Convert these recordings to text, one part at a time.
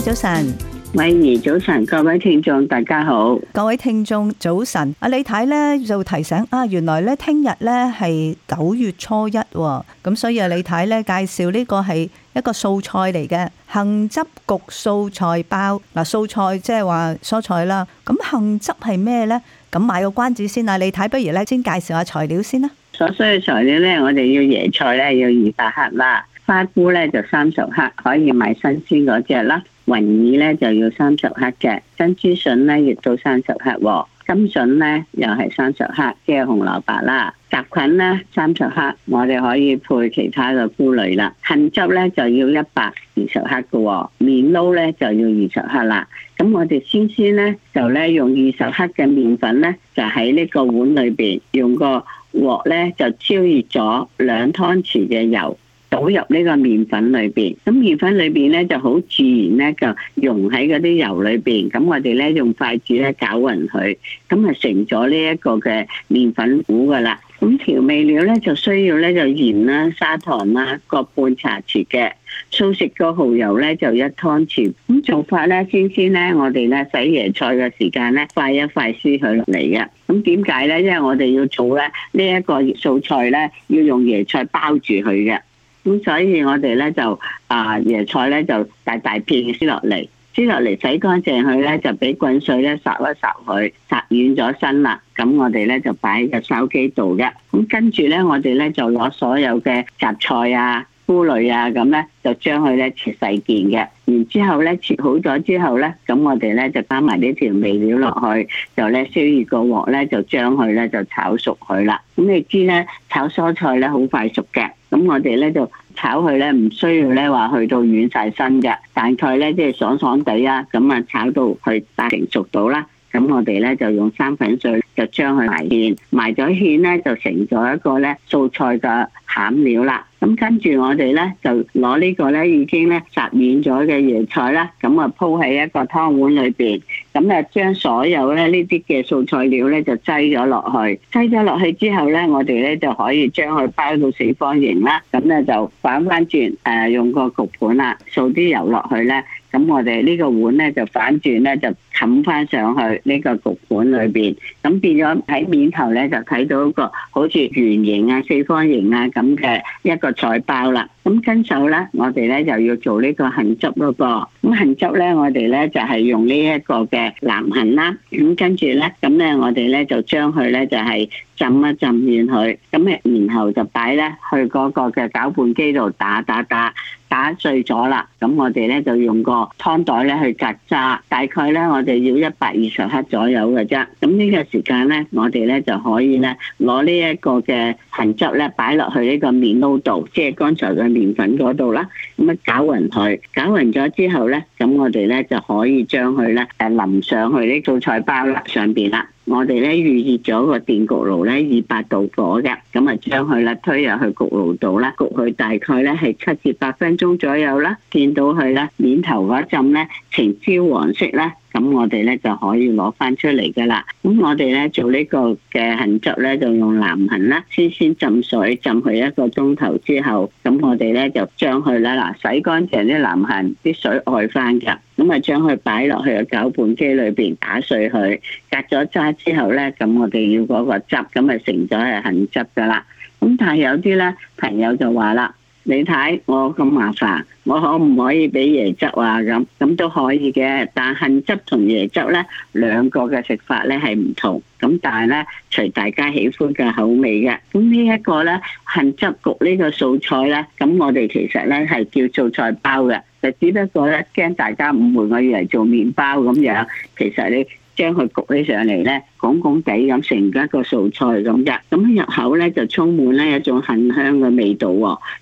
早晨，米兒早晨，各位聽眾大家好，各位聽眾早晨。阿李太咧就提醒啊，原來咧聽日咧係九月初一，咁所以啊，李太咧介紹呢個係一個素菜嚟嘅杏汁焗素菜包。嗱，素菜即係話蔬菜啦，咁杏汁係咩咧？咁買個關子先啦。李太，不如咧先介紹下材料先啦。所需嘅材料咧，我哋要椰菜咧要二百克啦，花菇咧就三十克，可以買新鮮嗰隻啦。雲耳咧就要三十克嘅，珍珠筍咧亦都三十克喎，甘筍咧又係三十克，即係紅蘿蔔啦，雜菌咧三十克，我哋可以配其他嘅菇類啦。杏汁咧就要一百二十克嘅，麵撈咧就要二十克啦。咁我哋先先咧就咧用二十克嘅麵粉咧，就喺呢個碗裏邊，用個鑊咧就燒熱咗兩湯匙嘅油。倒入呢個麵粉裏邊，咁麵粉裏邊咧就好自然咧就溶喺嗰啲油裏邊，咁我哋咧用筷子咧攪匀佢，咁啊成咗呢一個嘅麵粉糊噶啦。咁調味料咧就需要咧就鹽啦、砂糖啦各半茶匙嘅，素食個蚝油咧就一湯匙。咁做法咧，先先咧，我哋咧洗椰菜嘅時間咧快一快撕佢落嚟啊！咁點解咧？因為我哋要做咧呢一個素菜咧，要用椰菜包住佢嘅。咁所以我哋咧就，啊椰菜，咧就大大片撕落嚟，撕落嚟洗乾淨。佢咧就俾滾水咧烚一烚佢，烚軟咗身啦。咁我哋咧就擺喺個筲箕度嘅。咁跟住咧我哋咧就攞所有嘅雜菜啊、菇類啊，咁咧就將佢咧切細件嘅。然之後咧切好咗之後咧，咁我哋咧就加埋呢條味料落去，就咧燒熱個鑊咧就將佢咧就炒熟佢啦。咁你知咧炒蔬菜咧好快熟嘅。咁我哋咧就炒佢咧，唔需要咧話去到軟晒身嘅，大概咧即係爽爽地啦。咁啊炒到佢八成熟到啦。咁我哋咧就用生粉水就將佢埋芡，埋咗芡咧就成咗一個咧素菜嘅餡料啦。咁跟住我哋咧就攞呢個咧已經咧雜軟咗嘅椰菜啦，咁啊鋪喺一個湯碗裏邊。咁啊，將所有咧呢啲嘅素材料咧就擠咗落去，擠咗落去之後咧，我哋咧就可以將佢包到四方形啦。咁咧就反翻轉，誒用個焗盤啦，掃啲油落去咧。咁我哋呢個碗咧就反轉咧就冚翻上去呢個焗盤裏邊，咁變咗喺面頭咧就睇到個好似圓形啊、四方形啊咁嘅一個菜包啦。咁跟手咧，我哋咧就要做個呢個杏汁咯噃。咁杏汁咧，我哋咧就係、是、用呢一個嘅南杏啦。咁跟住咧，咁咧我哋咧就將佢咧就係、是、浸一浸，完佢咁咧，然後就擺咧去嗰個嘅攪拌機度打打打。打打打碎咗啦，咁我哋咧就用個湯袋咧去隔渣，大概咧我哋要一百二十克左右嘅啫。咁呢個時間咧，我哋咧就可以咧攞呢一個嘅痕汁咧擺落去呢個麵撈度，即係剛才嘅麵粉嗰度啦。咁樣攪勻佢，攪勻咗之後咧，咁我哋咧就可以將佢咧誒淋上去呢做菜包啦上邊啦。我哋咧預熱咗個電焗爐咧，二百度火嘅，咁啊將佢啦推入去焗爐度啦，焗佢大概咧係七至八分鐘左右啦，見到佢啦面頭嗰一浸咧呈焦黃色啦。咁我哋咧就可以攞翻出嚟噶啦。咁我哋咧做呢個嘅杏汁咧，就用南杏啦。先先浸水，浸佢一個鐘頭之後，咁我哋咧就將佢啦，嗱洗乾淨啲南杏，啲水外翻嘅，咁啊將佢擺落去個攪拌機裏邊打碎佢，隔咗渣之後咧，咁我哋要嗰個汁，咁啊成咗係杏汁噶啦。咁但係有啲咧朋友就話啦。你睇我咁麻煩，我可唔可以俾椰汁啊？咁咁都可以嘅，但杏汁同椰汁咧兩個嘅食法咧係唔同，咁但係咧隨大家喜歡嘅口味嘅。咁呢一個咧杏汁焗呢個素菜咧，咁我哋其實咧係叫素菜包嘅，就只不過咧驚大家誤會我以為做麵包咁樣，其實你將佢焗起上嚟咧。拱拱地咁成一個素菜咁嘅，咁入口呢，就充滿呢一種杏香嘅味道，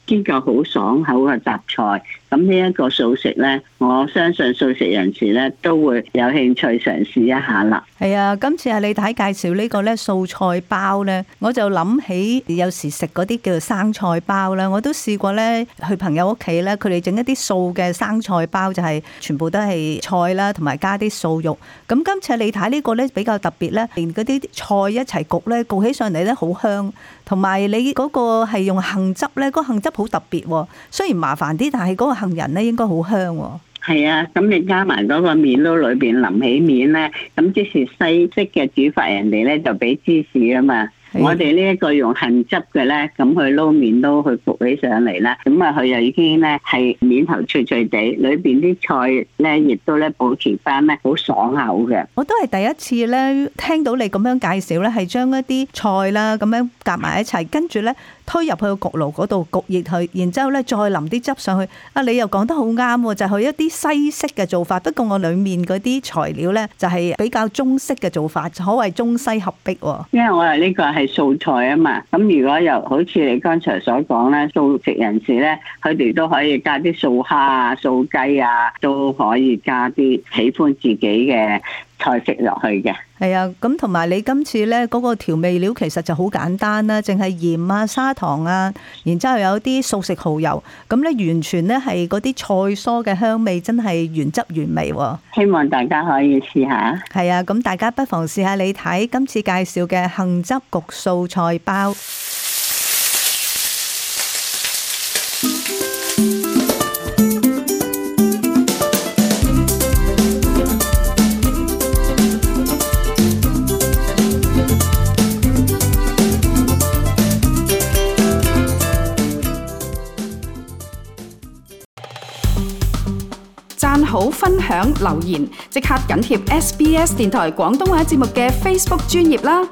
兼夠好爽口嘅雜菜。咁呢一個素食呢，我相信素食人士呢都會有興趣嘗試一下啦。係啊，今次係，李太介紹呢個呢素菜包呢，我就諗起有時食嗰啲叫做生菜包啦，我都試過呢去朋友屋企呢，佢哋整一啲素嘅生菜包，就係、是、全部都係菜啦，同埋加啲素肉。咁今次李太呢個呢比較特別呢。連嗰啲菜一齊焗咧，焗起上嚟咧，好香，同埋你嗰個係用杏汁咧，嗰個杏汁好特別，雖然麻煩啲，但係嗰個杏仁咧應該好香。係啊，咁你加埋嗰個麵撈裏邊淋起面咧，咁即是西式嘅煮法，人哋咧就俾芝士啊嘛。我哋呢一個用杏汁嘅咧，咁佢撈麵都去焗起上嚟啦，咁啊佢又已經咧係面頭脆脆地，裏邊啲菜咧亦都咧保持翻咧，好爽口嘅。我都係第一次咧聽到你咁樣介紹咧，係將一啲菜啦咁樣夾埋一齊，跟住咧，推入去焗爐嗰度焗熱佢，然之後咧再淋啲汁上去。啊，你又講得好啱喎，就係一啲西式嘅做法。不過我裡面嗰啲材料咧，就係比較中式嘅做法，所謂中西合璧喎。因為我係呢個係素菜啊嘛，咁如果又好似你剛才所講咧，素食人士咧，佢哋都可以加啲素蝦啊、素雞啊，都可以加啲喜歡自己嘅。菜食落去嘅。係啊，咁同埋你今次咧嗰個調味料其實就好簡單啦，淨係鹽啊、砂糖啊，然之後有啲素食蚝油，咁咧完全咧係嗰啲菜蔬嘅香味，真係原汁原味。希望大家可以試下。係啊，咁大家不妨試下，你睇今次介紹嘅杏汁焗素菜包。好分享留言，即刻緊貼 SBS 電台廣東話節目嘅 Facebook 專頁啦！